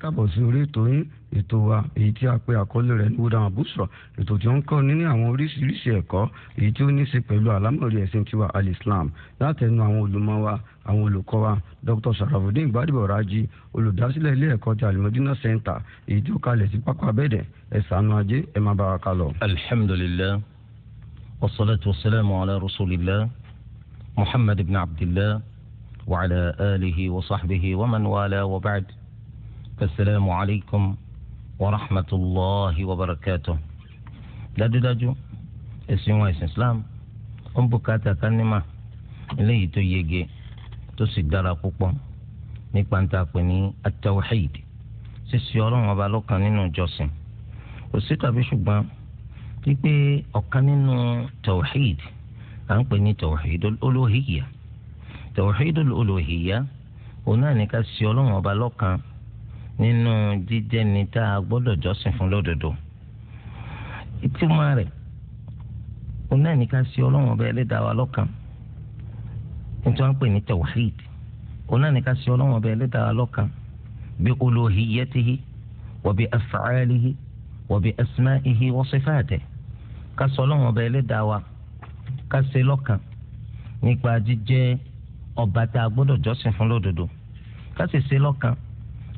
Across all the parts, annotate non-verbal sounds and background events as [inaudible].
kábọ̀ sí orí ètò yín ètò wa èyí tí a pe àkọlé rẹ̀ ní wúdà àbúṣọ ètò tí ó ń kọ́ ní àwọn oríṣiríṣi ẹ̀kọ́ èyí tí ó ní ṣe pẹ̀lú àlámọ̀rí ẹ̀sìn tiwa alislam látẹnu àwọn olùmọ̀ wa àwọn olùkọ́ wa dr sarafudin gbadebo olùdásílẹ̀ ilé ẹ̀kọ́ ti alimọ̀dínà center èyí tí ó kalẹ̀ sí pápá abẹ́dẹ̀ ẹ̀sánú ajé ẹ̀ má bàa kalọ̀. alhamdulilayi wasalaatu wasalaamu السلام عليكم ورحمة الله وبركاته دادو دادو اسم وايس اسلام ام بكاتا كلمة لي تو يجي تو سيدارا قوقم نيكبان تاكوني التوحيد sísè ọlọ́run ọba lọ́kàn nínú ìjọsìn kò sí tàbí ṣùgbọ́n wípé ọ̀kan nínú tawhid à ń pè ní tawhid olóhìyà tawhid olóhìyà òun náà ní ká sí ọlọ́run ọba lọ́kàn nínú jíjẹ́ ni tá a gbọ́dọ̀ jọ́sìn fún lódodo ìtumọ̀ rẹ̀ òun náà ní ká sí ọlọ́run ọba ẹlẹ́dàá wa lọ́kàn nítorí wọ́n ń pè ní tawhid òun náà ní ká sí ọlọ́run ọba ẹlẹ́dàá wa bí olóhìyẹ́tìhí wa bí af'alihi wa bí asma'ihi ká sọ ọlọ́run ọba ẹlẹ́dàá wa ká sí lọ́kàn nípa jíjẹ́ ọba tá a gbọ́dọ̀ jọ́sìn fún lódodo ká sì sí lọ́kàn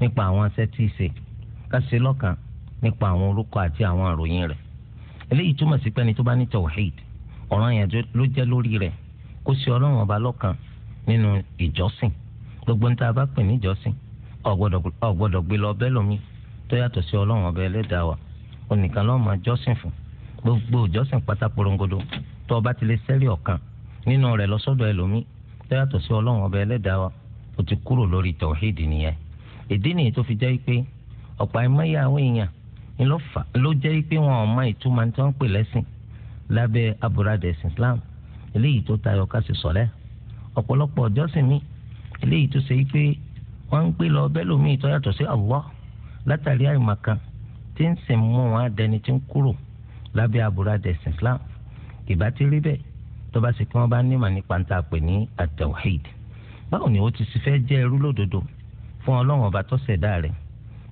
nípa àwọn aṣẹ́ tí ì ṣe ká ṣe lọ́kàn nípa àwọn orúkọ àti àwọn àròyìn rẹ̀ eléyìí túmọ̀ sí pẹ́ni tó bá ní tawhid ọ̀ràn yẹn ló jẹ́ lórí rẹ̀ kó ṣe ọlọ́run ọba lọ́kàn nínú ìjọsìn gbogbo ń tá a bá pè ní ìjọsìn ọ̀gbọ́dọ̀ gbé lọ bẹ́ẹ̀ lómi tó yàtọ̀ sí ọlọ́run ọba ẹlẹ́dàá wa onìkan lọ́ọ́ máa jọ́sìn fún gbogbo ìjọsìn pátá porongodo tó o bá ti lè sẹ́rí ọ̀kan nínú rẹ̀ lọ ẹlòmí tó yàtọ̀ sí ọlọ́run ọba ẹlẹ́dàá wa ó ti kúrò lórí tawhid nìyẹn ìdí nìyí tó fi jẹ́ pé ọ̀pọ̀ àìmọye àwọn èèyàn ló jẹ́ pé wọn ò mọ ìtumọ̀ tí wọ́n pè lẹ́sìn lábẹ́ aburada Islam eléyìí tó tayọ ká sì sọ̀lẹ́ ọ̀pọ̀lọpọ̀ ọ̀jọ́sìn mi eléyìí tó ṣe pé wọ́n ń gbé lọ bẹ́lòmíì tó yàtọ̀ sí Allah látàrí àìmọ̀kan tí ń sìn mú wọn adẹni tí ń kúrò lábẹ́ aburada Islam ìbá ti rí bẹ́ẹ̀ tó bá sì kí wọ́n bá nímọ̀ nípa ń pè ní at báwo ni ó ti sì fẹ́ jẹ́ ẹrú lódodo fún ọlọ́run ọba tó ṣẹ̀dá rẹ̀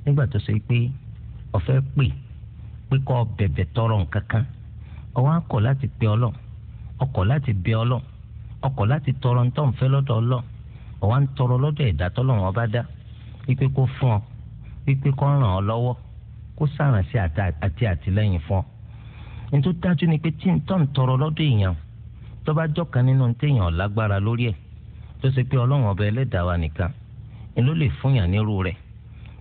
nígbà tó ṣe pé ọ̀fẹ́ pè pé tọrọ nǹkan kan ọwọ́ láti pe ọlọ́run ọkọ̀ láti bẹ ọlọ́run ọkọ̀ láti tọrọ ń tọ́n fẹ́ lọ́dọ̀ ọwọ́ ń tọrọ lọ́dọ̀ ẹ̀dá tọ́lọ́run ọba dá wípé kó fún ọ wípé kó ràn ọ lọ́wọ́ kó sàràn sí àti ọ. dájú ni pé tí ń tọrọ lọ́dọ̀ èèyàn tó ló lè fún yàn nírú rẹ̀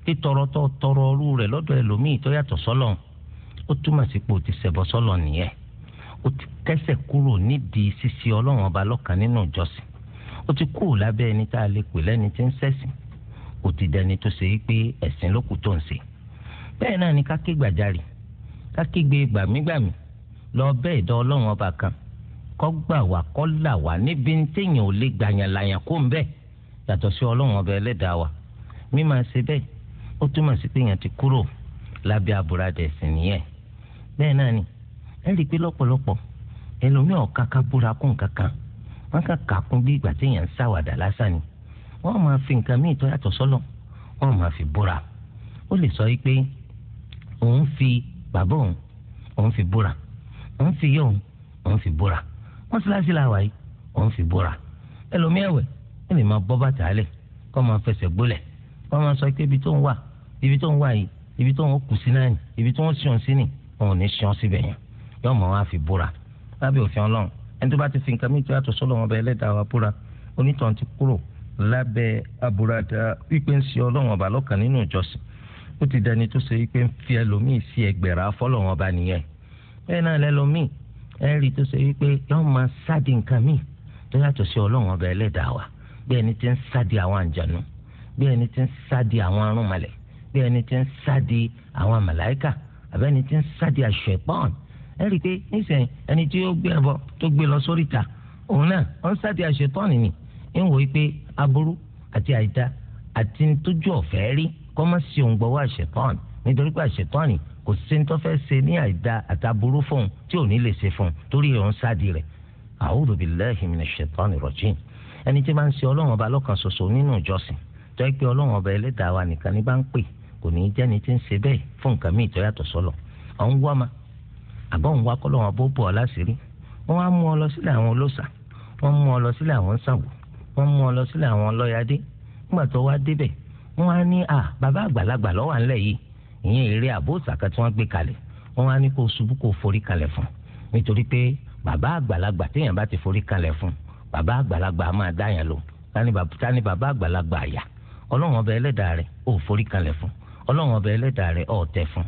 títọrọ tó tọrọ ọrú rẹ̀ lọ́dọ̀ ẹlòmíì tó yàtọ̀ sọ́lọ̀ ó túmọ̀ sí pé o ti ṣẹbọ sọ́lọ̀ nìyẹn o ti kẹ́sẹ̀ kúrò nídìí ṣíṣe ọlọ́run ọba lọ́kan nínú ìjọsìn o ti kúrò lábẹ́ ẹni tá a lè pè lẹ́ni tí ń ṣẹ̀sìn o ti dẹni tó ṣe é ẹ̀sìn ló tó ń ṣe bẹ́ẹ̀ náà ni ká ké gbàjarì ká kígbe gbàmígbàmí lọ bẹ́ẹ̀ dán ọlọ́run ọba kan kọ́ gbà wá kọ́ là wá níbi téèyàn ò lè gbàyàn làyàn kó ń bẹ́ẹ̀ yàtọ̀ sí ọlọ́run ọba ẹlẹ́dàá wa mímọ ṣe bẹ́ẹ̀ ó túmọ̀ sí pé èèyàn ti kúrò lábẹ́ àbúradà ẹ̀sìn nìyẹn bẹ́ẹ̀ náà ni ẹ rí i pé lọ́pọ̀lọpọ̀ ẹlòmíì ọ̀ka ká búra kún kankan wọ́n kà kà kún bí ìgbà téèyàn ń ṣàwàdà lásán ni wọ́n máa fi nǹkan míì tó yàtọ̀ sọ́lọ̀ wọ́n máa fi búra ó lè sọ pé òun fi bàbá òun òun fi búra òun fi yẹ òun òun fi búra mọ́ṣáláṣí làwà yìí òun fi búra ẹlòmíì ẹ̀wẹ̀ ẹ̀mí máa bọ́ bàtà lẹ̀ kọ́ máa fẹsẹ̀ gbólẹ̀ kọ́ máa sọ pé ibi tó ń wà ibi tó ń wà yìí ibi tó ń kù sí náà ni ibi tó ń sùn sí ni òun ò ní sùn síbẹ̀ yẹn yóò mọ̀ wá fi búra lábẹ́ òfin ọlọ́run ẹni tó bá ti fi nǹkan mi tó yàtọ̀ sọ́lọ́ wọn bẹ ẹlẹ́dàá wa búra onítàn ti kúrò lábẹ́ àbúradà wípé ń ṣe ọlọ́run ọba lọ́kàn nínú ìjọsìn ó ti dẹni tó ṣe wípé ń fi ẹlòmíì sí ẹgbẹ̀rà fọ́lọ́run ọba nìyẹn bẹ́ẹ̀ náà lẹ́lòmíì ẹ̀rí tó ṣe wípé yóò máa sáde nǹkan míì tó yàtọ̀ sí ọlọ́run ọba ẹlẹ́dàá wa bí ẹni tí ń sádi àwọn àǹjànú bí ẹni tí ń sádi àwọn arúnmalẹ̀ bí ẹni tí ń sádi àwọn màláìkà àbí ẹni tí ń sádi àṣọ ìpọ́n ẹ rí i pé nísìnyí ẹni tí ó gbé ẹbọ tó gbé lọ sórí ìta òun náà ó ń sádi àṣọ ìpọ́n ni ń wò pé aburú àti àìda àti tójú ọ̀fẹ́ rí kọ́ má sí òun gbọ́wọ́ àṣọ ìpọ́n nítorí pé àṣọ ìpọ́n kò sí ní tó ṣe ní àìda àtàbúrú fóun tí ò ní lè ṣe fóun torí òun sádi rẹ̀ a'udhu billahi minash shaitani rajim ẹni tí máa ń ṣe ọlọ́run ọba lọ́kàn ṣoṣo nínú ìjọsìn tó yẹ pé ọlọ́run ọba ẹlẹ́dàá wa nìkan ní bá ń pè kò ní í jẹ́ni tí ń ṣe bẹ́ẹ̀ fún nǹkan míì tó yàtọ̀ sọ́lọ̀ ọ̀hún wá ma àbọ̀ òun wá kọ́lọ́run ọba ó bọ̀ ọ́ láṣìírí wọ́n á mú ọ lọ sílẹ̀ àwọn olóṣà wọ́n mú ọ lọ sílẹ̀ àwọn sàwò wọ́n mú ọ lọ sílẹ̀ àwọn lọ́yàdé nígbà tó wá débẹ̀ wọ́n á ní à bàbá àgbàlagbà lọ́wọ́ à yìí ìyẹn eré àbó òsàkà tí wọ́n gbé kalẹ̀ wọ́n á ní kó ṣubú kó forí kalẹ̀ fún nítorí pé bàbá àgbàlagbà téèyàn bá ti forí kalẹ̀ fún bàbá àgbàlagbà á máa dáyàn lò tani bàbá àgbàlagbà àyà ọlọ́run ọba ẹlẹ́dàá rẹ̀ ò forí kalẹ̀ fún ọlọ́run ọba ẹlẹ́dàá rẹ̀ ò tẹ̀ fún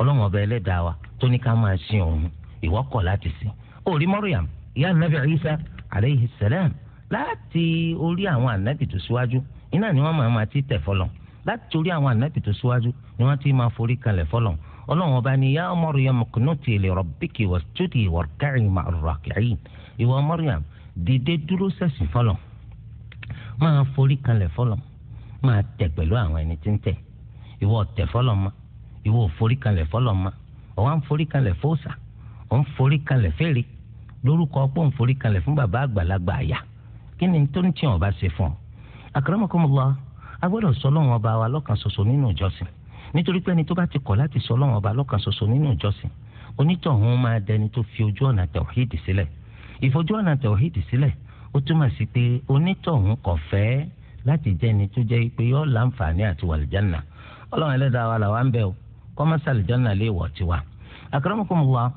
ọlọ́run ọba ẹlẹ́dàá wa tó ní ká máa sin òun ìwọ kọ̀ láti sin orí Maryam ìyá nàbì Isa aleyhi salam láti orí àwọn ànábì tó síwájú iná ni wọ́n máa máa ti tẹ̀ fọlọ́ láti orí àwọn ànábì tó síwájú ni wọ́n ti máa forí kalẹ̀ fọlọ́ ọlọ́run ọba ni ìyá Maryam kunuti li rabbiki wasjudi warka'i ma'ar dìde dúró sẹ̀sìn fọlọ̀ máa forí kanlẹ̀ fọlọ̀ máa tẹ̀ pẹ̀lú àwọn ẹni tí ń tẹ̀ ìwọ tẹ̀ fọlọ̀ ma ìwọ forí kanlẹ̀ fọlọ̀ ma ọ̀wá ń forí kanlẹ̀ fóòsà ọ̀ ń forí kanlẹ̀ fèrè lórúkọ ọ̀pọ̀ ń forí kanlẹ̀ fún bàbá àgbàlagbà àyà kí ni tó ń tiẹ̀ ọba ṣe fún ọ. akramakumullah a gbọ́dọ̀ sọ lọ́wọ́n ọba wa lọ́kàn ṣoṣo nínú ìjọsìn nítorí pé ẹni tó bá ti kọ̀ láti sọ lọ́wọ́n ọba lọ́kàn ṣoṣo nínú ìjọsìn onítọ̀hún máa dẹni tó fi ojú ọ̀nà tẹ̀wáhídì sílẹ̀ ìfojú ọ̀nà tẹ̀wọ̀hídì sílẹ̀ ó túmọ̀ sí pé onítọ̀hún kò fẹ́ láti jẹ́ ẹni tó jẹ́ pé yóò láǹfààní àti wàlìjánà ọlọ́run ẹlẹ́dàá wa làwa ń bẹ̀ o kọ́mọ́sá àlìjánà lè wọ̀ tiwa. akramakumullah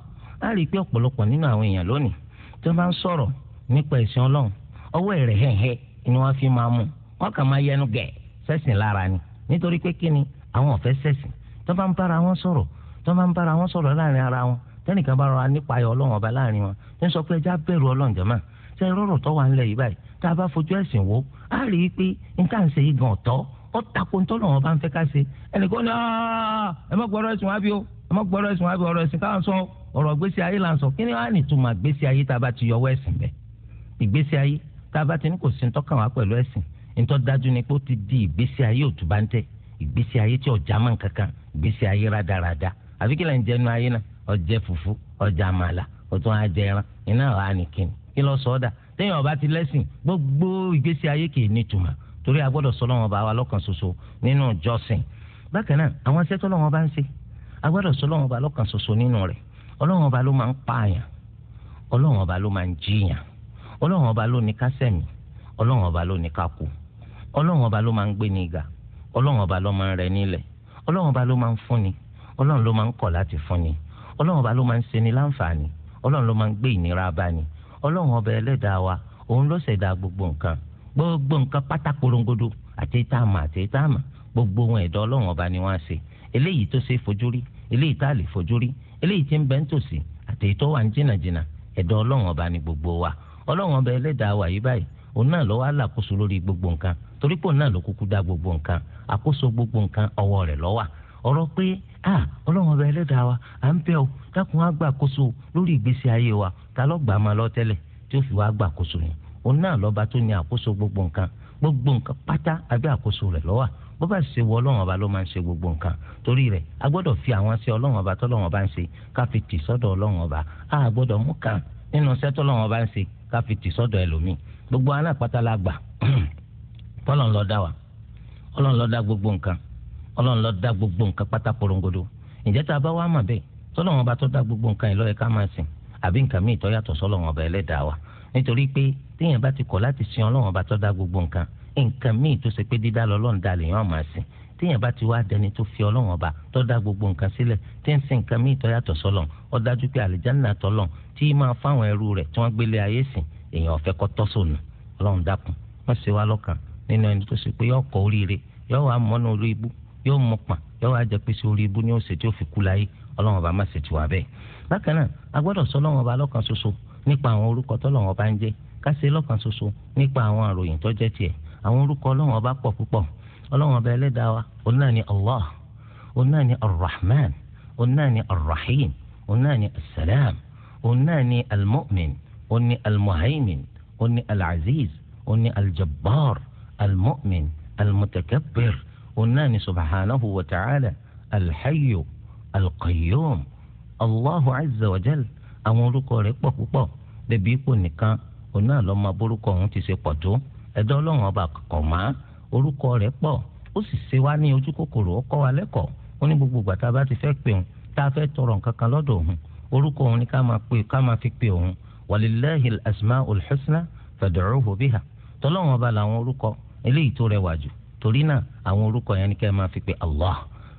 á rí i pé ọ̀pọ̀lọpọ̀ nínú àwọn èèyàn lónìí tó bá ń sọ̀rọ̀ nípa ẹ̀sìn ọlọ́run ọwọ́ ẹ̀rẹ̀ hẹ̀hẹ̀ ni wọ́n fi máa mú wọ́n kà máa yẹnu gẹ̀ sẹ́sìn lára ni nítorí pé kíni àwọn ò fẹ́ sẹ́sìn tó bá ń bára wọn sọ̀rọ̀ tó bá ń bára wọn sọ̀rọ̀ láàrin ara wọn tẹnìkan bá rọra nípa ayọ̀ ọlọ́run ọba láàrin wọn ẹ sọ pé ẹjá bẹ̀rù ọlọ́run jẹ́ máa ṣe rọrọ̀ tó wà nílẹ̀ yìí báyìí tá a bá fojú ẹ̀sìn wò á rí i pé n tá à ń ṣe yìí gan ọ̀tọ̀ ó takò ń tọ́lọ̀ wọn bá ń fẹ́ ká ṣe ẹnìkan ní ẹ má gbọ́dọ̀ ẹ̀sìn wá bí o ẹ má gbọ́dọ̀ ẹ̀sìn wá bí ọ̀rọ̀ ẹ̀sìn káwọn sọ ọ̀rọ̀ gbèsè ayé là ń sọ kí ni wàá nìtumọ̀ gbèsè ayé tá a bá ti yọwọ́ ẹ̀sìn bẹ́ẹ̀ ìgbésí ayé tá a bá ti ní kò ọjẹ fufu ọjà màlà ó tún á jẹ ẹran iná ọ̀hà nìkíni kí lọ sọ ọ́ dà téèyàn ọba ti lẹ́sìn gbogbo ìgbésí ayé kì í nítumọ̀ torí a gbọ́dọ̀ sọ lọ́wọ́n bá wa lọ́kàn ṣoṣo nínú ìjọsìn bákan náà àwọn iṣẹ́ tó lọ́wọ́n bá ń ṣe a gbọ́dọ̀ sọ lọ́wọ́n bá lọ́kàn ṣoṣo nínú rẹ̀ ọlọ́wọ́n bá ló máa ń pààyàn ọlọ́wọ́n bá ló máa ń jiyàn ọlọ́wọ́n bá ló ní ká sẹ̀mí ọlọ́wọ́n bá ló ní ká kú ọlọ́wọ́n bá ló máa ń gbé ní ga ọlọ́wọ́n bá ló máa ń rẹ nílẹ̀ ọlọ́wọ́n bá ló máa ń fúnni ọlọ́wọ́n ló máa ń kọ̀ láti fúnni ọlọ́run ọba ló máa ń ṣeni láǹfààní ọlọ́run ló máa ń gbé ìnira báni ọlọ́run ọba ẹlẹ́dàá wa òun ló ṣẹ̀dá gbogbo nǹkan gbogbo nǹkan pátá àti táàmù àti táàmù gbogbo ohun ẹ̀dá ọlọ́run ọba ni wọ́n á ṣe eléyìí tó ṣe fojú rí eléyìí tá a lè fojú rí eléyìí tí ń bẹ ń tòsí àti èyí tó wà ń jìnnàjìnnà ẹ̀dá ọlọ́run ọba ni gbogbo wa ọlọ́run ọba ẹlẹ́dàá wa yìí báyìí òun náà ló wà lákòóso lórí gbogbo nǹkan torí náà ló kúkú dá gbogbo nǹkan àkóso gbogbo nǹkan ọwọ́ rẹ̀ ló ọ̀rọ̀ pé ah ọlọ́run ọba ẹlẹ́dàá wa à ń bẹ̀ ọ́ dákun á gbàkóso lórí ìgbésí ayé wa ta ló gbà máa lọ tẹ́lẹ̀ tí ó fi wá gbàkóso yẹn òun náà lọ́ba tó ní àkóso gbogbo nǹkan gbogbo nǹkan pátá abẹ́ àkóso rẹ̀ ló wà bó bá ṣe wọ ọlọ́run ọba ló máa ń ṣe gbogbo nǹkan torí rẹ̀ a gbọ́dọ̀ fi àwọn ṣe ọlọ́run ọba tọ́lọ́run ọba ń ṣe ká fi tì sọ́dọ̀ ọlọ́run ọba a gbọ́dọ̀ mú kan nínú iṣẹ́ tọ́lọ́run ọba ń ṣe ká fi tì sọ́dọ̀ ẹlòmíì gbogbo alápàtà la gbà [clears throat] tọ́lọ́run ló dá wa ọlọ́run ló dá gbogbo nǹkan ọlọ́run ló dá gbogbo nǹkan pátá porongodo ǹjẹ́ tá a bá wá mà bẹ́ẹ̀ sọ́lọ́run ọba tó dá gbogbo nǹkan yìí ká máa sìn àbí nǹkan míì tó yàtọ̀ sọ́lọ́run ọba ẹlẹ́dàá wa nítorí pé téèyàn bá ti kọ̀ láti sin ọlọ́run ọba tó dá gbogbo nǹkan nǹkan míì tó ṣe pé dídá lọ́lọ́run dá lèèyàn máa sìn téèyàn bá ti wá dẹni tó fi ọlọ́run ọba tó dá gbogbo nǹkan sílẹ̀ tí ń sin nǹkan míì tó yàtọ̀ sọ́lọ́run ó dájú pé àlìjáná tọ́lọ̀ tí máa fáwọn ẹrú rẹ̀ tí wọ́n gbélé ayé sìn èèyàn ọ̀fẹ́ kọ́ tọ́sọ̀nù ọlọ́run dákun wọ́n ṣe wá lọ́kàn nínú ẹni tó ṣe pé yọ ọkọ̀ oríire yọ wà mọ́nà orí ibú yóò mú pọn yóò wá jẹ pé sórí ibú ni ó ṣe tí ó fi kú láyé ọlọ́wọ́n bá má ṣe tiwa bẹ́ẹ̀. bákan náà a gbọ́dọ̀ sọ ọlọ́wọ́n bá lọ́kàn ṣoṣo nípa àwọn orúkọ tọ́lọ́wọ́n bá ń jẹ́ ká ṣe lọ́kàn ṣoṣo nípa àwọn àròyìn tó jẹ́ tiẹ̀ àwọn orúkọ ọlọ́wọ́n bá pọ̀ púpọ̀ ọlọ́wọ́n bá ẹlẹ́dàá wa òun Allah òun náà ni Ar-Rahman òun náà ni Ar-Rahim òun náà ni As-Salam òun òun náà ni subhanahu wa ta'ala alhayyu alqayyum allahu azza wa jal àwọn orúkọ rẹ̀ pọ̀ púpọ̀ bẹbí ipò nìkan òun náà lọ máa borúkọ òun ti ṣe pọ̀ tó ẹ̀dá Ọlọ́run ọba kọkàn má orúkọ rẹ̀ pọ̀ ó sì ṣe wá ní ojú kòkòrò ó kọ́ wa lẹ́kọ̀ọ́ ó ní gbogbo ìgbà tá a bá ti fẹ́ pè òun tá a fẹ́ tọrọ nǹkan kan lọ́dọ̀ òun orúkọ òun ni ká máa pè ká máa fi pè òun walillahil asmaul husna fad'uhu biha tọlọ́run ọba làwọn orúkọ eléyìí tó rẹwà jù torí náà àwọn orúkọ yẹn ni kẹ́ ẹ máa fi pe allah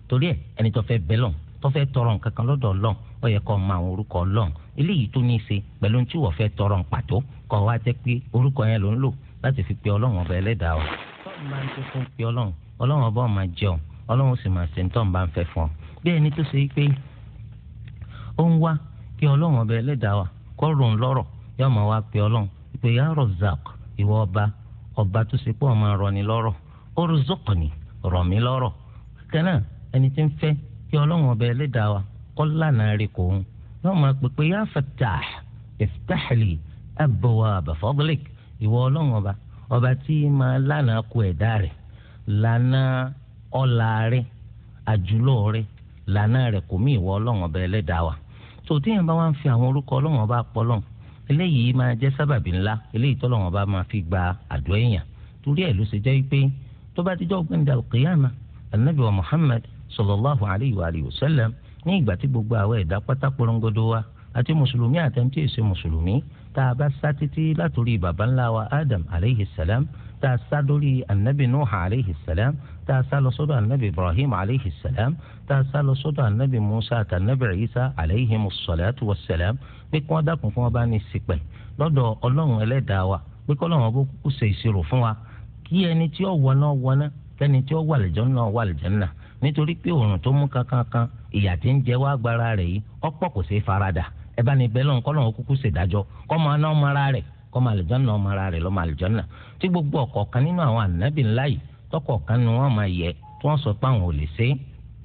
torí ẹ ẹni tó fẹ́ bẹ́lọ̀ tó fẹ́ tọrọ nǹkan kan lọ́dọ̀ ọlọ́run ó yẹ kó mọ àwọn orúkọ ọlọ́run eléyìí tó ní í ṣe pẹ̀lú tí wọ́n fẹ́ tọrọ ń pàtó kó wá jẹ́ pé orúkọ yẹn ló ń lò láti fi pe ọlọ́run ọba ẹlẹ́dàá o. tọ́lù máa ń tó fún pe ọlọ́run ọlọ́run ọba máa jẹun ọlọ́run sì máa ṣe ń tọ́ ń bá ń fẹ́ fún ọ. bí ẹni tó ṣe pé ó ń wá kí ọlọ́run ọba ẹlẹ́dàá wa kó ròun lọ́rọ̀ yóò máa wá pe ọlọ́run ìpè ya Razzaq ìwọ ọba ọba tó ṣe pé ó máa rọ̀ ni lọ́rọ̀ orzokoni rọ̀ mí lọ́rọ̀ kan náà ẹni tí ń fẹ́ kí ọlọ́run ọba ẹlẹ́dàá wa kọ́ lánàá rí kò ń yóò máa pèpè yá fatah iftahli abwaaba fadlik ìwọ ọlọ́run ọba ọba tí máa lánàá ku ẹ̀dá rẹ̀ lánàá ọ̀la rẹ̀ àjùlọ rẹ̀ lánàá rẹ̀ kò mí ìwọ ọlọ́run ọba ẹlẹ́dàá wa tó téèyàn bá wá ń fi àwọn orúkọ ọlọ́run ọba pọ́lọ́n eléyìí máa jẹ́ sábàbí ńlá eléyìí tọ́lọ́run ọba máa fi gba àdúrà èèyàn torí ẹ̀ ló ṣe jẹ́ pé tó bá ti jọ́ òpin dàlù kìyàmà anabi wa muhammad sallallahu alayhi wa alihi wa sallam ní ìgbà tí gbogbo àwọn ẹ̀dá pátá porongodo wa àti mùsùlùmí àtẹ̀ntì èsè mùsùlùmí tá a bá sá títí látòrí baba ńlá wa adam alayhi salam tá a sá lórí anabi nuha alayhi salam tá a sá lọ sọ́dọ̀ anabi ibrahim alayhi salam tá a sá lọ sọ́dọ̀ anabi musa àti anabi isa alayhi musalatu wa salam pé kí wọ́n dákun fún wọn bá ní ṣìpẹ̀ lọ́dọ̀ ọlọ́run ẹlẹ́dàá wa pé kọ́lọ́run kí ẹni tí ó wọ náà wọ náà kẹ́ni tí ó wà lẹ́jọ́ náà wà lẹ́jọ́ náà nítorí pé òòrùn tó mú kankankan ìyà tí ń jẹ wá gbára rẹ̀ yìí ọ̀pọ̀ kò ṣeé faradà ẹ bá ní bẹ́ẹ̀ lọ́n kọ́ lọ́n kúkú ṣèdájọ́ kọ́ máa ná ọmọ ara rẹ̀ kọ́ máa lẹ́jọ́ náà ọmọ ara rẹ̀ lọ́ máa lẹ́jọ́ náà tí gbogbo ọ̀kọ̀ọ̀kan nínú àwọn ànábì ńlá yìí tọkọ̀ọ̀kan ni wọ́n máa yẹ tí wọ́n sọ pé àwọn ò lè ṣe é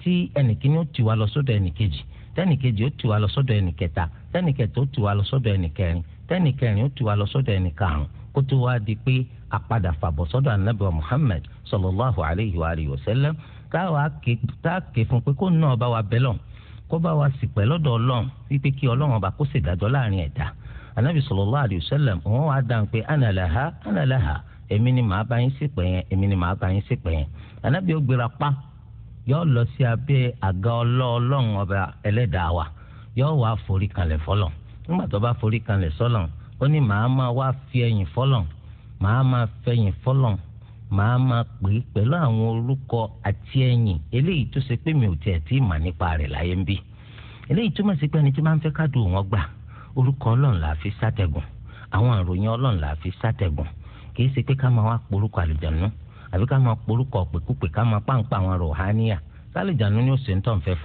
tí ẹnìkíní ó ti wá lọ sọ́dọ̀ ẹnìkejì tẹnìkejì ó ti wá lọ sọ́dọ̀ ẹnìkẹta tẹnìkẹta ó ti wá lọ sọ́dọ̀ ẹnìkẹrin tẹnìkẹrin ó ti wá lọ sọ́dọ̀ ẹnìkarùn kó tó wá di pé àpadà fàbọ̀ sọ́dọ̀ anabi muhammed sallallahu alayhi wa alihi wa sallam táwa ké fún pé kó náà bá wa bẹ́ lọ kó bá wa sì pẹ́ lọ́dọ̀ ọlọ́run wípé kí ọlọ́run ọba kó ṣèdájọ́ láàrin ẹ̀dá anabi sallallahu alayhi wa sallam wọn wá dáhùn pé ana laha ana laha èmi ni màá bá yín ṣìpẹ̀ yẹn èmi ni màá bá yín ṣìpẹ̀ yẹn anabi ó pa yóò lọ sí abẹ́ àga ọlọ́ọ̀lọ́run ọba ẹlẹ́dàá wa yóò wá forí kanlẹ̀ fọlọ́ nígbà tó bá forí kanlẹ̀ sọlọ́run ó ní màá máa wá fi ẹ̀yìn fọlọ màá máa fẹ̀yìn fọ́lọ̀ màá máa pè é pẹ̀lú àwọn orúkọ àti ẹ̀yìn eléyìí tó ṣe pé mi ò tiẹ̀ tí ì mà nípa rẹ̀ láyé ń bí eléyìí túmọ̀ sí pé ẹni tí máa ń fẹ́ káàdù wọn gbà orúkọ ọlọ́run là á fi sátẹ̀gùn àwọn àròyìn ọlọ́run là á fi sátẹ̀gùn kì í ṣe pé ká máa wá porúkọ àbí ká máa porúkọ pèkúpè ká máa àwọn ni ó ṣe ń tàn fẹ́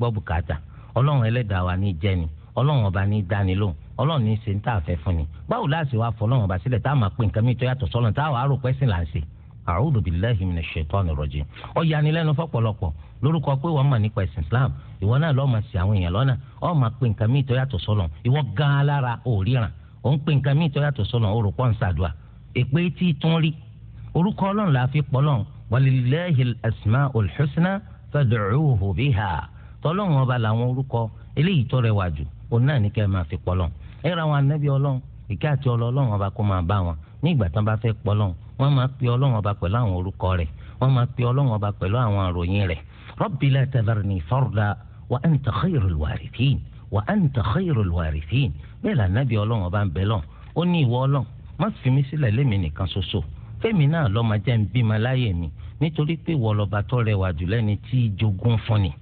wa ọlọ́run ẹlẹ́dàá wa ní jẹ́ni ọlọ́run ọba ní dání lóhùn ọlọ́run ní ṣe ń tà fẹ́ fún ni báwo láàṣì wá fọ ọlọ́run ọba sílẹ̀ tá a máa pè nǹkan mi tó yàtọ̀ sọ́lọ́n tá a wàá rò pé sìn là ń ṣe a'udhu billahi minash shaitanir rajim ó yanilẹ́nu fọ́pọ̀lọpọ̀ lórúkọ pé wọ́n mọ̀ nípa ẹ̀sìn Islam ìwọ náà lọ́ọ́ máa ṣe àwọn èèyàn lọ́nà ọ́ máa pè nǹkan mi tó yàtọ̀ sọ́lọ́n ìwọ gan-an lára òríran ò ń pè nǹkan mi tó yàtọ̀ sọ́lọ́n ó rò pọ́ ń ṣàdúà èpè tí tún rí orúkọ ọlọ́run la fi pọ́lọ́n walillahil asma'ul husna tọ́lọ́run ọba làwọn orúkọ eléyìí tó rẹwà jù òun náà ní kẹ́ ẹ máa fi pọ́lọ́n ẹ ra àwọn anábì ọlọ́run ìkẹ́ àti ọlọ́run ọba kó máa bá wọn ní ìgbà tán bá fẹ́ pọ́lọ́n wọ́n máa pe ọlọ́run ọba pẹ̀lú àwọn orúkọ rẹ̀ wọ́n máa pe ọlọ́run ọba pẹ̀lú àwọn àròyìn rẹ̀ rabbi la tadharni farda wa anta khayrul warithin wa anta khayrul warithin bẹ́ẹ̀ la anábì ọlọ́run ọba ń bẹ lọ́n ó ní ìwọ ọlọ́run má fi mí sílẹ̀ lémi nìkan ṣoṣo fẹ́mi náà lọ́ọ́ máa jẹ́ ń bímọ láyé mi nítorí pé ìwọ lọ́ba tó rẹwà jù lẹ́ni tí jogún fún ni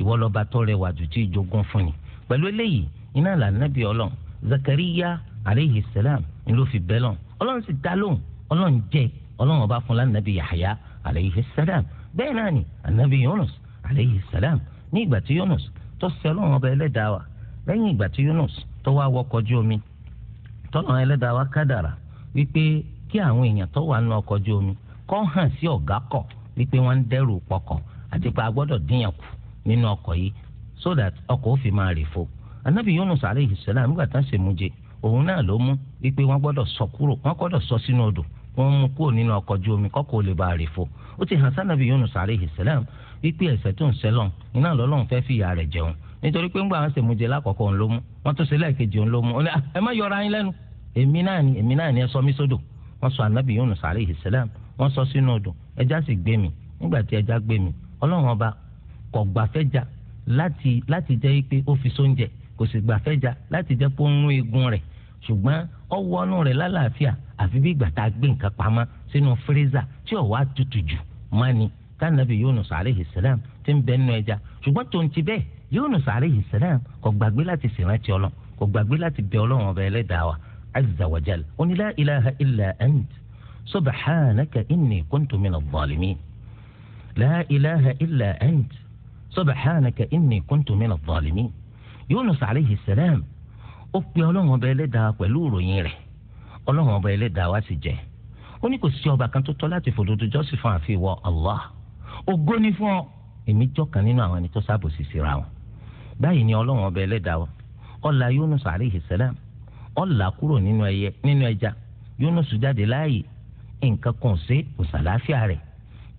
ìwọ lọba tó rẹwà jù tí ìjogún fún ni pẹ̀lú eléyìí iná là nábì ọlọ́run zakariya aleyhi salam ni ló fi bẹ́ẹ̀ lọ ọlọ́run sì dá lóhùn ọlọ́run jẹ́ ọlọ́run ọba fún lánàbì yahaya aleyhi salam bẹ́ẹ̀ náà ni anabi yunus aleyhi salam ní ìgbà tí yunus tó ṣe ọlọ́run ọba ẹlẹ́dàá wa lẹ́yìn ìgbà tí yunus tó wá wọ ọkọ̀ ojú omi tọ́lọ́run ẹlẹ́dàá wa kádàrà wípé kí àwọn èèyàn tó wà nínú ọkọ̀ ojú omi kọ́ hàn sí ọ̀gá kọ̀ wípé wọ́n ń dẹ́rù pọkọ̀ àti pé a gbọ́dọ̀ dínyàn kù nínú ọkọ yìí so that ọkọ ó fi máa rì fo anabi yunus aleyhi salam nígbà tá a ṣe mú jẹ òun náà ló mú wípé wọn gbọdọ sọ kúrò wọn gbọdọ sọ sínú odò wọ́n mú kúrò nínú ọkọ ju omi kọkọ ò lè bá rì fo ó ti hàn sanabi yunus aleyhi salam wípé ẹsẹ tó ń ṣẹlọ iná fìyà rẹ jẹun nítorí pé ńgbà wọn ṣe mú jẹ lákọ̀ọ́kọ́ ló mú tún ṣe ló mú ó ní ẹ má yọra yín sọ anabi kò gbàfẹ́jà láti láti jẹ́ pé ó fi sóúnjẹ kò sì gbàfẹ́jà láti jẹ́ pé ó ń rún eegun rẹ̀ ṣùgbọ́n ọwọ́ ọ̀nù rẹ̀ lálàáfíà àfi bí ìgbà tá a gbé nǹkan pamọ́ sínú fírísà tí ò wá tutù jù mọ́ni tánàbí Yunus alayhi salam ti ń bẹ nínú ẹja ṣùgbọ́n tó ń ti bẹ́ẹ̀ Yunus alayhi salam kò gbàgbé láti ṣèrántí Ọlọ́run kò gbàgbé láti bẹ Ọlọ́run ọba ẹlẹ́dàá wa azza wa ilaha illa ant subhanaka inni kuntu minadh-dhalimin ilaha illa ant subhanaka inni kuntu mina zalimin Yunus alayhi salam ó pe ọlọ́run ọba ẹlẹ́dàá pẹ̀lú ìròyìn rẹ̀ ọlọ́run ọba ẹlẹ́dàá wá sì jẹ́ ó ní kò sí ọba kan tó tọ́ láti fòdodo jọ́sìn fún àfi wọ Allah ògo ni fún ọ èmi jọ̀kan nínú àwọn ẹni tó sábò sì síra wọn báyìí ni ọlọ́run ọba ẹlẹ́dàá wa ó là Yunus alayhi salam ó là kúrò nínú ẹja Yunus jáde láàyè nǹkan kan ṣe kò sàlàáfíà rẹ̀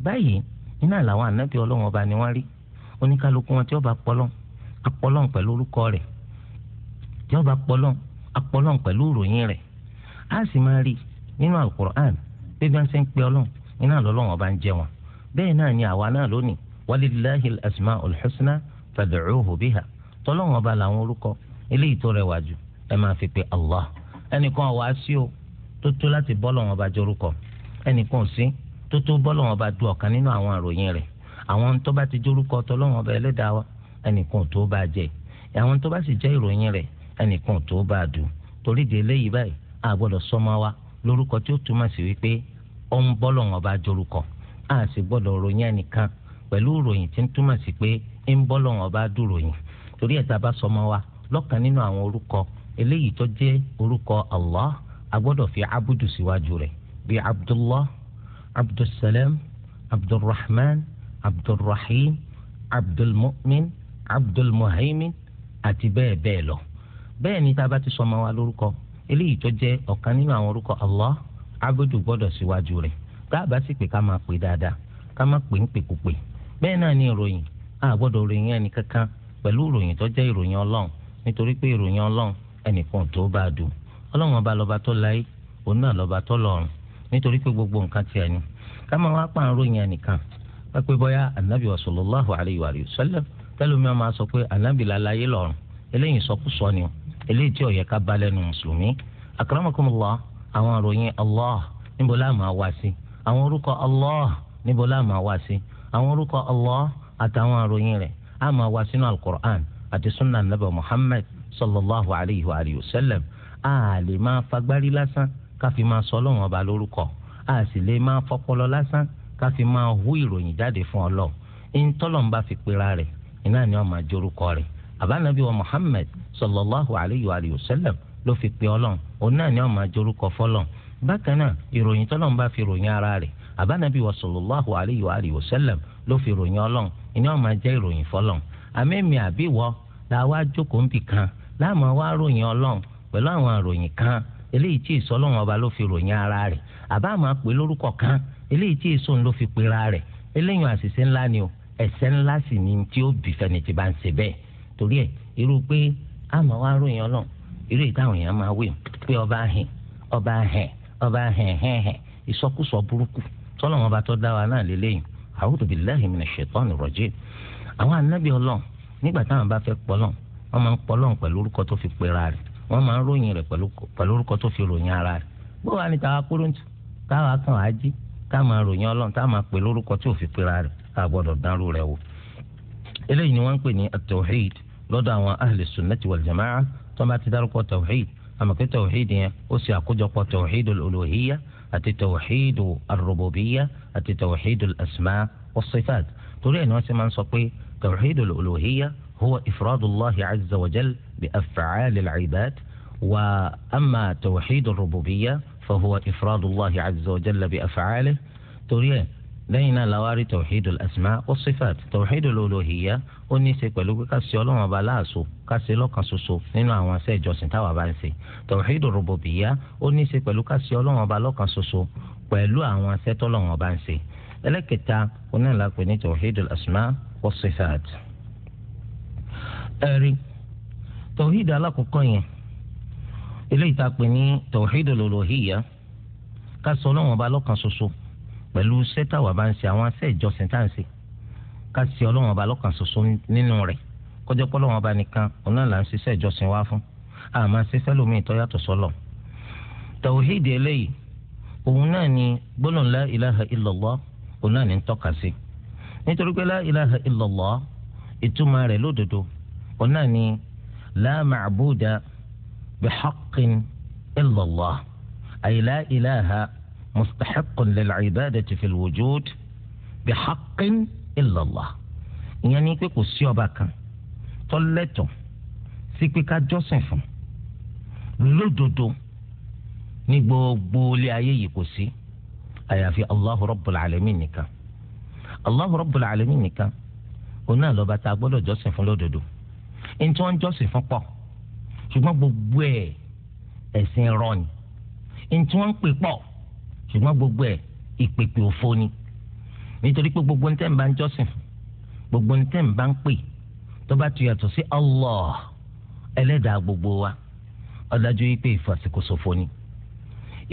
báyìí iná làwọn ànábì ọlọ́run ọba ni wọ́n rí oníkálukú wọn tí ó bá pọlọ́n apọlọ́n pẹ̀lú orúkọ rẹ̀ tí ó bá pọlọ́n apọlọ́n pẹ̀lú ìròyìn rẹ̀ á sì máa rí nínú alukur'an bí wọ́n ṣe ń pe ọlọ́n iná lọ́lọ́wọ́n bá ń jẹ wọn bẹ́ẹ̀ náà ni àwa náà lónìí walillahi al-asma'ul husna fad'uhu biha tọ́lọ́wọ́n bá làwọn orúkọ eléyìí tó rẹwà jù ẹ máa fi pe allah ẹnìkan wàá sí o tó tó láti bọ́lọ̀ wọn bá ẹnìkan sí tó tó bọ́lọ̀ wọn du ọ̀kan nínú àwọn àròyìn rẹ̀ àwọn tó bá ti jórúkọ tọlọ́run ọba ẹlẹ́dàá wa ẹnìkan tó bá jẹ àwọn tó bá sì jẹ́ ìròyìn rẹ̀ ẹnìkan tó bá dù torí di eléyìí báyìí a gbọ́dọ̀ sọmọ wa lórúkọ tí ó túmọ̀ sí wípé ó ń bọ́lọ́run ọba jórúkọ a sì gbọ́dọ̀ ròyìn ẹnìkan pẹ̀lú ròyìn tí ń túmọ̀ sí pé ń bọ́lọ́run ọba dùròyìn torí ẹ̀ bá sọmọ wa lọ́kàn nínú àwọn orúkọ eléyìí tó jẹ́ orúkọ Allah a gbọ́dọ̀ fi abudu síwájú rẹ̀ bíi abdullah abdulsalam abdulrahman abdulrahim abdulmumin abdulmuhaimin àti bẹ́ẹ̀ bẹ́ẹ̀ lọ bẹ́ẹ̀ ni tá a bá ti sọ ọmọ wa lórúkọ eléyìí tó jẹ́ ọ̀kan nínú àwọn orúkọ allah agbójú gbọ́dọ̀ síwájú rẹ̀ tá a bá sì pè ká máa pè dáadáa ká máa pè ń pèkúpè bẹ́ẹ̀ náà ni ìròyìn a gbọ́dọ̀ ròyìn ẹnì kankan pẹ̀lú ìròyìn tó jẹ́ ìròyìn ọlọ́run nítorí pé ìròyìn ọlọ́run ẹnìkan tó bá dùn ọlọ́run ọba lọ́ba tó láyé òun náà lọ́ba tó lọ́run nítorí pé gbogbo nǹkan tiẹ̀ ni ká máa wá pààrọ̀ yẹn nìkan wọ́n pe bọ́yá anabi wa sallallahu alayhi wa sallam tẹ́lómi ọmọ sọ pé anabi lalaye lọ́rùn eléyìí sọkúsọ ni eléyìí tí ó yẹ ká bá lẹ́nu mùsùlùmí akramakumullah àwọn ìròyìn allah níbo la máa wá sí àwọn orúkọ allah níbo la máa wá sí àwọn orúkọ allah àtàwọn ìròyìn rẹ̀ á máa wá sínú alukur'an àti sunna anabi muhammad sallallahu alayhi wa sallam a máa fagbárí lásán káfí máa sọ ọlọ́run ọba lórúkọ a máa fọpọlọ lásán ká fi máa hú ìròyìn jáde fún ọlọ ntọ́lọ́mba fi pera rẹ̀ iná ni wọ́n máa jorúkọ rẹ̀ àbánabi wa Muhammad sallallahu alayhi wa sallam ló fi pe ọlọ́n òun náà ni wọ́n máa jorúkọ fọlọ́n bákan náà ìròyìn tọ́lọ́mba fi ròyìn ara rẹ̀ àbánabi wa sallallahu alayhi wa sallam ló fi ròyìn ọlọ́n iná wọ́n máa jẹ́ ìròyìn fọlọ́n àmẹ́mi àbíwọ́ làwa jókòó nbì kan láàmú wa ròyìn ọlọ́n pẹ̀lú àwọn àròyìn kan eléyìí tí ìsọlọ́run ọba ló fi ròyìn ara rẹ̀ àbá máa pè lórúkọ kan eléyìí tí èso ló fi pera rẹ̀ eléyìí àṣìṣe ńlá ni o ẹ̀ṣẹ̀ ńlá sì ni tí ó bì fẹ́ni tí bá ń ṣe bẹ́ẹ̀ torí ẹ̀ irú pé àmọ́ wá ròyìn ọlọ́run irú ìtàwọn èèyàn máa wí pé ọba hìn ọba hẹn ọba hẹn hẹn hẹn ìsọkúsọ burúkú tọ́lọ́run ọba tó dá wa náà lélẹ́yìn billahi minash shaitani rajim àwọn anábì ọlọ́run nígbà táwọn bá fẹ́ pọ́lọ́run wọ́n máa ń pọ́lọ́run pẹ̀lú orúkọ tó fi pera rẹ̀ wọ́n máa ń ròyìn rẹ̀ pẹ̀lú orúkọ tó fi ròyìn ara rẹ̀ bó wà ní tàwa kúrúntù táwa kan á jí táà máa ròyìn ọlọ́run táà máa pè lórúkọ tí ò fi pera rẹ̀ ká gbọ́dọ̀ dánrú rẹ̀ wò. eléyìí ni wọ́n ń pè ní at-tawhid lọ́dọ̀ àwọn ahli sunnati wal jamaa tó bá ti dárúkọ tawhid àmọ̀pé tawhid yẹn ó sì àkójọpọ̀ tawhid al àti tawhid ar àti tawhid al-asma torí ẹ̀ ni wọ́n máa ń sọ pé tawhid al هو إفراد الله عز وجل بأفعال العباد وأما توحيد الربوبية فهو إفراد الله عز وجل بأفعاله تريه lẹ́yìn لواري توحيد الأسماء والصفات، توحيد tawhid olóhìyá ó ní í ṣe pẹ̀lú pé ká ṣe ọlọ́run ọba láàṣọ ká ṣe lọ́kan ṣoṣo nínú àwọn iṣẹ́ ìjọsìn táwa bá ń ṣe tawhid rububiyya ó ní í ká ṣe ọlọ́run ọba lọ́kan ṣoṣo pẹ̀lú àwọn iṣẹ́ tọ́lọ́run ọba ń ṣe ẹlẹ́kẹta onílàpẹ̀ ní tawhid asma wa sifat ẹ̀rí tawhid alákọ̀ọ́kọ́ yẹn eléyìí tá a pè ní tawhid olóhìyà ká sọ ọlọ́wọ́n ọba lọ́kan ṣoṣo pẹ̀lú sẹ́tàwá bá ń ṣe àwọn asẹ́ ìjọsìn tá à ń ṣe ká ṣe ọlọ́wọ́n ọba lọ́kan ṣoṣo nínú rẹ̀ kọjá pé ọlọ́wọ́n ọba nìkan òun náà là ń ṣiṣẹ́ ìjọsìn wá fún àmọ́ ṣiṣẹ́ lómi ìtọ́yàtọ̀ sọ́lọ̀ tawhid eléyìí òun náà ni gbólóhùn la ilaha illallah òun náà ni ń tọ́ka sí nítorí pé la ilaha illallah ìtumọ̀ rẹ̀ lódodo òun náà ni la ma'buda bihaqqin illa Allah ay la ilaha mustahiqqun lil'ibadati fil wujud bihaqqin illa Allah ìyẹn ni pé kò sí ọba kan tó lẹ́tọ̀ọ́ sí pé ká jọ́sìn fún lódodo ní gbogbo ilé ayé yìí kò sí àyàfi allahu rabbul alamin nìkan allahu rabbul alamin nìkan òun náà lọ́ba tá a gbọ́dọ̀ jọ́sìn fún lódodo ní tí wọ́n ń jọ́sìn fún pọ̀ ṣùgbọ́n gbogbo ẹ̀ ẹ̀sìn irọ́ ni ní tí wọ́n ń pè pọ̀ ṣùgbọ́n gbogbo ẹ̀ ìpèpè òfo ni nítorí pé gbogbo ní tẹ́ǹbà ń jọ́sìn gbogbo ní tẹ́ǹbà ń pè tó bá ti yàtọ̀ sí Allah ẹlẹ́dàá gbogbo wa ó dájú wípé ìfàsìkò ṣòfò ni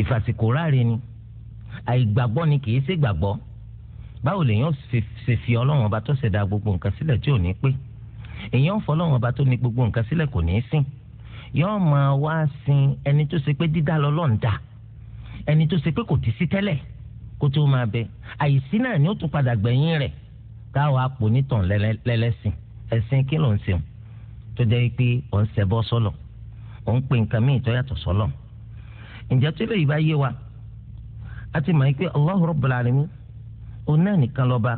ìfàsìkò ráre ni àìgbàgbọ́ ni kì í ṣègbàgbọ́ báwo lèèyàn ṣe fi ọlọ́run ọba tó ṣẹ̀dá gbogbo nǹkan sílẹ̀ tí ò ní pé èèyàn fọlọ́run ọba tó ní gbogbo nǹkan sílẹ̀ kò ní í sìn yóò máa wá sin ẹni tó ṣe pé dídá lọ́lọ́run dá ẹni tó ṣe pé kò ti sí tẹ́lẹ̀ kó tó máa bẹ àìsí náà ni ó tún padà gbẹ̀yìn rẹ̀ káwọn apò nítàn lẹ́lẹ́sìn ẹ̀sìn kí ló ń sìn tó jẹ́ pé ò ń ṣẹbọ sọ́lọ̀ ò ń pe nǹkan míì tó yàtọ̀ sọ́lọ̀ ǹjẹ́ tó lè yí bá yé wa a ti mọ̀ pé Allahu Rabbul Alamin òun náà nìkan lọ́ba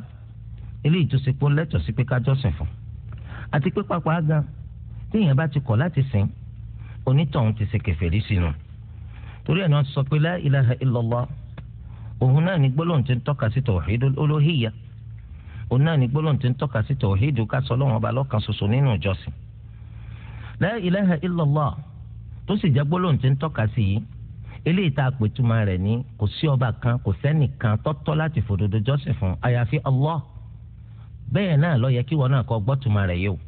eléyìí tó ṣe pé lẹ́tọ̀ọ́ sí pé ká jọ́sìn fún un àti pé pàápàá gan téèyàn bá ti kọ̀ láti sìn onítọ̀hún ti ṣe kèfèrí sínú torí ẹ̀ náà sọ pé la ilaha illallah òun náà ní gbólóhùn tí ń tọ́ka sí tawhidul uluhiyya òun náà ní gbólóhùn tí ń tọ́ka sí tawhidu ká sọ Ọlọ́hun ọba lọ́kan ṣoṣo nínú ìjọsìn la ilaha illallah tó sì jẹ́ gbólóhùn tí ń tọ́ka sí yìí eléyìí tá a pè túmọ̀ rẹ̀ ní kò sí ọba kan kò sẹ́nìkan tọ́tọ́ láti fòdodo jọ́sìn fún àyàfi Allah bẹ́ẹ̀ náà ló yẹ kí wọn náà kọ́ gbọ́tùmọ̀ rẹ̀ yìí o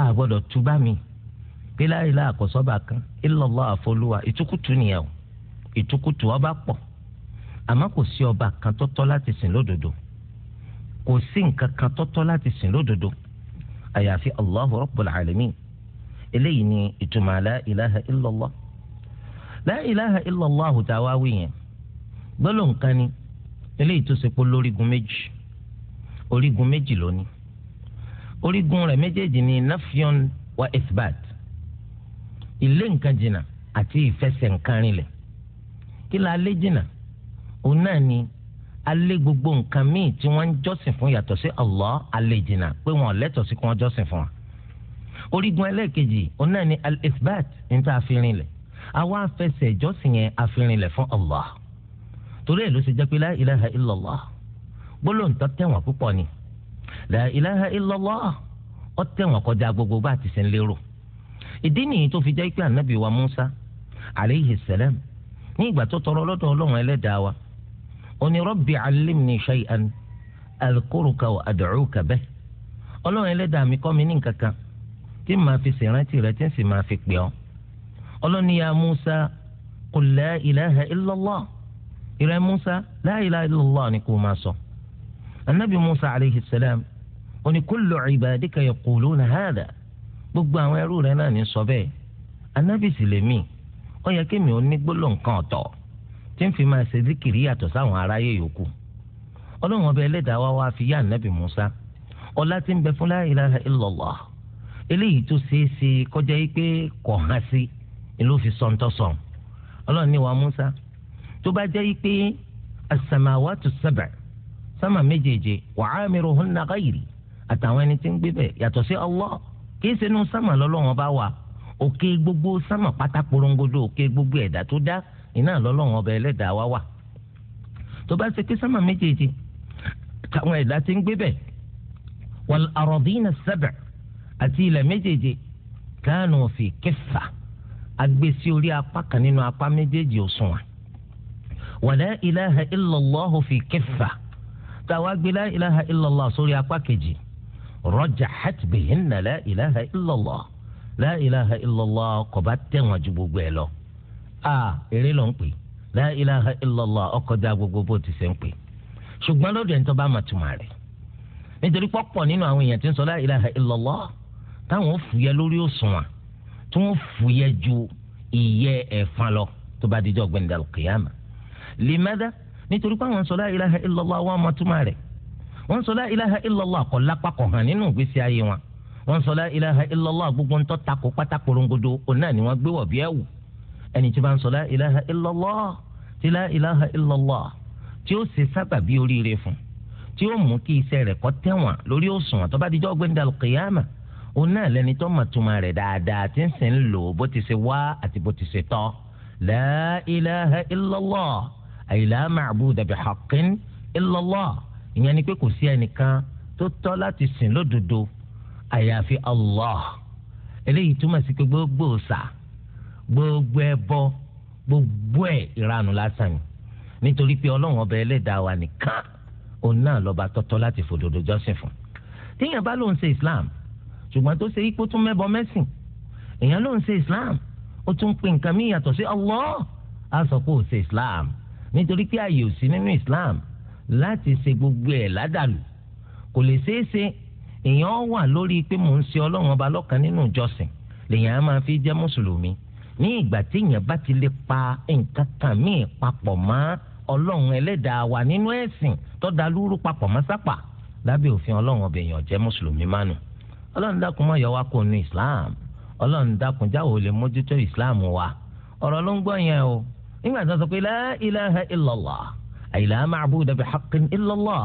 a gbọ́dọ̀ túbá mi pé la ilaha àkọsọ́ba kan illallah àfolúwa ìtukùtù nìyẹn o ìtukùtù ọba pọ̀ àmọ́ kò sí ọba kan tọ́tọ́ láti sìn lódodo kò sí nǹkan kan tọ́tọ́ láti sìn lódodo àyàfi allahu rabbul alamin eléyìí ni ìtumọ̀ la ilaha illallah la ilaha illallah gbọ́dọ̀ nǹkan ni eléyìí tó ṣe pé lórígun méjì orígun méjì lónìí orígun rẹ̀ méjèèjì ni nafion wa isbat ilé nǹkan jìnnà àti ìfẹsẹ̀ nǹkan rinlẹ̀ kí la lé jìnnà òun náà ni alé gbogbo nǹkan míì tí wọ́n ń jọ́sìn fún yàtọ̀ sí Allah alé jìnnà pé wọ́n lẹ́tọ̀ọ́ sí kí wọ́n jọ́sìn fún wa orígun ẹlẹ́ẹ̀kejì òun náà ni al-ithbat níta àfirinlẹ̀ àwa afẹsẹ̀ ìjọsìn yẹn àfirinlẹ̀ fún Allah torí ẹ̀ ló ṣe jẹ́ pé la ilaha illallah gbólóǹtọ́ tẹ̀wọ̀n púpọ̀ ni la ilaha illallah ó tẹ̀wọ̀n kọjá gbogbo bá ti sin lérò ìdí nìyí tó fi jẹ́ pé ànábì wa Musa aleyhi salam ní ìgbà tó tọrọ lọ́dọ̀ ọlọ́run ẹlẹ́dàá wa ó ní rabbi allimni shay'an adhkuruka wa ad'uka bih ọlọ́run ẹlẹ́dàá mi kọ́ mi ní nǹkan kan tí màá fi ṣèrántí rẹ tí ń sì máa fi pè ọ́ ọlọ́run ya Musa qul la ilaha illallah ìrẹ Musa la ilaha illallah ni kò máa sọ. So النبي موسى عليه السلام أن كل عبادك يقولون هذا، hada gbogbo àwọn ẹrú rẹ náà ní sọ bẹ́ẹ̀ anabi sì lè mí ó yẹ kí mi ò ní gbólóhùn kan ọ̀tọ̀ tí ń fi máa ṣe zikiri yàtọ̀ sáwọn aráyé yòókù ọlọ́run ọba ẹlẹ́dàá wa wá fi yá anabi musa ọlá tí ń bẹ fún la ilaha eléyìí tó ṣeé ṣe kọjá yìí pé kò hàn sí ni fi sọ̀ǹtọ̀sọ̀ǹ ọlọ́run ní wa musa tó bá jẹ́ yìí pé as-samawatu sab'a sámà méjèèje wa amiruhunna ghayri àtàwọn ẹni tí ń gbé bẹ̀ yàtọ̀ sí Allah kìí ṣe inú sámà lọ́lọ́wọ́n bá wà òkè gbogbo sámà pátá porongodo òkè gbogbo ẹ̀dá tó dá iná lọ́lọ́wọ́n ọba ẹlẹ́dàá wá wà tó bá ṣe pé sámà méjèèje táwọn ẹ̀dá tí ń gbé bẹ̀ wal aradina sab'a àti ilẹ̀ méjèèje kánú fi kẹfà agbésí orí apá kan nínú apá méjèèjì òṣùwọ̀n wala ilaha illallahu fi tàwa gbé la ilaha illallah sórí apá kejì rajahat bihinna la ilaha illallah la ilaha illallah kò bá tẹ̀wọ̀n ju gbogbo ẹ̀ lọ. a eré ló ń pè la ilaha illallah ọkọ̀ dá gbogbo bó ti ṣe ń pè ṣùgbọ́n lọ́dọ̀ ẹni tó bá máa túmọ̀ rẹ̀ nítorí pọ́pọ̀ nínú àwọn èèyàn tí ń sọ la ilaha illallah táwọn fúyẹ́ lórí òṣùwọ̀n tí wọ́n fúyẹ́ ju ìyẹ́ ẹ̀fọn lọ tó bá dijọ́ gbẹ̀ndàlùkìyàmà lèmẹ́dá nítorí pé àwọn sọ la ilaha illallah wọn máa túmọ̀ rẹ̀ wọ́n sọ la ilaha illallah kò lápá kò hàn nínú ìgbésí ayé wọn wọ́n sọ la ilaha illallah gbogbo ń tọ́ takò pátá korongodo òun náà ni wọ́n gbé wọ̀ bí ẹ̀wù ẹni tí wọ́n sọ la ilaha illallah tí la ilaha illallah tí ó ṣe sábàbí oríire fún tí ó mú kí iṣẹ́ rẹ̀ kó tẹ̀wọ̀n lórí òṣùwọ̀n tó bá àyìnlá ma'buda bihaqqin illa Allah ìyẹn ni pé kò sí ẹnìkan tó tọ́ láti sìn lódodo àyàfi Allah eléyìí túmọ̀ sí pé gbogbo òòṣà gbogbo ẹbọ gbogbo ẹ̀ ìranù lásán ni nítorí pé ọlọ́run ọba ẹlẹ́dàá wa nìkan òun náà lọ́ba tọ́tọ́ láti fòdodo jọ́sìn fún tíyẹn bá lóun ṣe Islam ṣùgbọ́n tó ṣe ipò tún mẹ́bọ mẹ́sìn èèyàn lóun ṣe Islam ó tún pè nǹkan míì yàtọ̀ sí Allah á pé ó ṣe Islam nítorí pé ààyè ò nínú Islam láti ṣe gbogbo ẹ̀ ládàlú kò lè ṣeé ṣe èèyàn wà lórí pé mò ń ṣe ọlọ́run ọba lọ́kan nínú ìjọsìn lèèyàn á máa fi jẹ́ mùsùlùmí ní ìgbà téèyàn bá ti lè pa nǹkan kan míì papọ̀ mọ́ ọlọ́run ẹlẹ́dàá wa nínú ẹ̀sìn tó da lúrú papọ̀ mọ́ sápà lábẹ́ òfin ọlọ́run ọba èèyàn jẹ́ mùsùlùmí mánu ọlọ́run dákun má yọ kó nu Islam ọlọ́run dákun jáwọ́ lè mójútó Islam wa ọ̀rọ̀ ló ń gbọ́ yẹn o nígbà tó sọ pé la ilaha illallah àyìnlá ma'buda bi haqqin illallah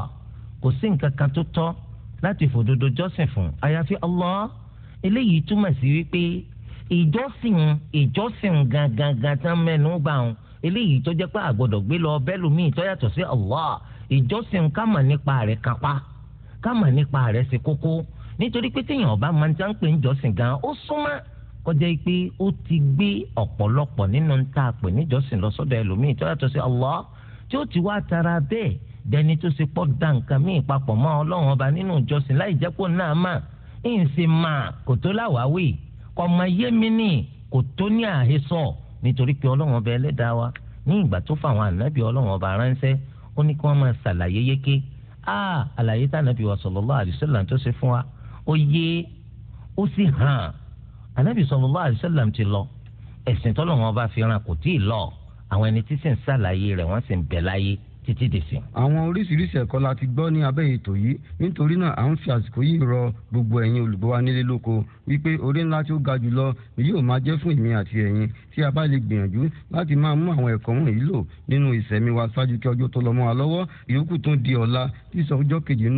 kò sí nǹkan kan tó tọ́ láti fòdodo jọ́sìn fún àyàfi Allah eléyìí túmọ̀ sí wípé ìjọ́sìn ìjọ́sìn gangan gan tán mẹ́nu gbà wọn eléyìí tó jẹ́ pé àgbọ̀dọ̀ gbé lọ bẹ́lùmíì tó yàtọ̀ sí Allah ìjọ́sìn ká nípa rẹ̀ kápá ká nípa rẹ̀ ṣe kókó nítorí pé téèyàn ọba máa ń já ń jọ́sìn gan ó súnmọ́ kọjá pé ó ti gbé ọ̀pọ̀lọpọ̀ nínú tá a pè níjọsìn lọ ẹlòmíì tó yàtọ̀ sí Allah tí ó ti wá tara bẹ́ẹ̀ dẹni tó ṣe pọ̀ da nǹkan míì papọ̀ mọ́ ọlọ́run ọba nínú ìjọsìn láì jẹ́ kó náà mà ń ṣe mà kò tó láwàáwì kò mọ yémi nì kò tó ní àhesọ nítorí pé ọlọ́run ọba ẹlẹ́dàá wa ní ìgbà tó fà àwọn ànábì ọlọ́run ọba ránṣẹ́ ó ní kí wọ́n máa ṣàlàyé yéké ah àlàyé tànàbí wa sallallahu alaihi wasallam tó ṣe fún wa ó yé ó sì hàn anabi sallallahu alaihi wasallam ti lọ ẹ̀sìn tọ́lọ́run bá fi rán kò tí ì lọ àwọn ẹni tí sì ń ṣàlàyé rẹ̀ wọ́n sì ń bẹ láyé títí dèsìn. àwọn oríṣiríṣi ẹ̀kọ́ la ti gbọ́ ní abẹ́ ètò yìí nítorí náà à ń fi àsìkò yìí rọ gbogbo ẹ̀yin olùgbọ́ wa nílé lóko wípé orí ńlá tí ó ga jùlọ ni yóò máa jẹ́ fún èmi àti ẹ̀yin tí a bá lè gbìyànjú láti máa mú àwọn ẹ̀kọ́ wọ̀nyí lò nínú ìṣẹ̀mí wa ṣáájú kí ọjọ́ tó lọ mọ́ wa lọ́wọ́ ìyókù tó di ọ̀la tí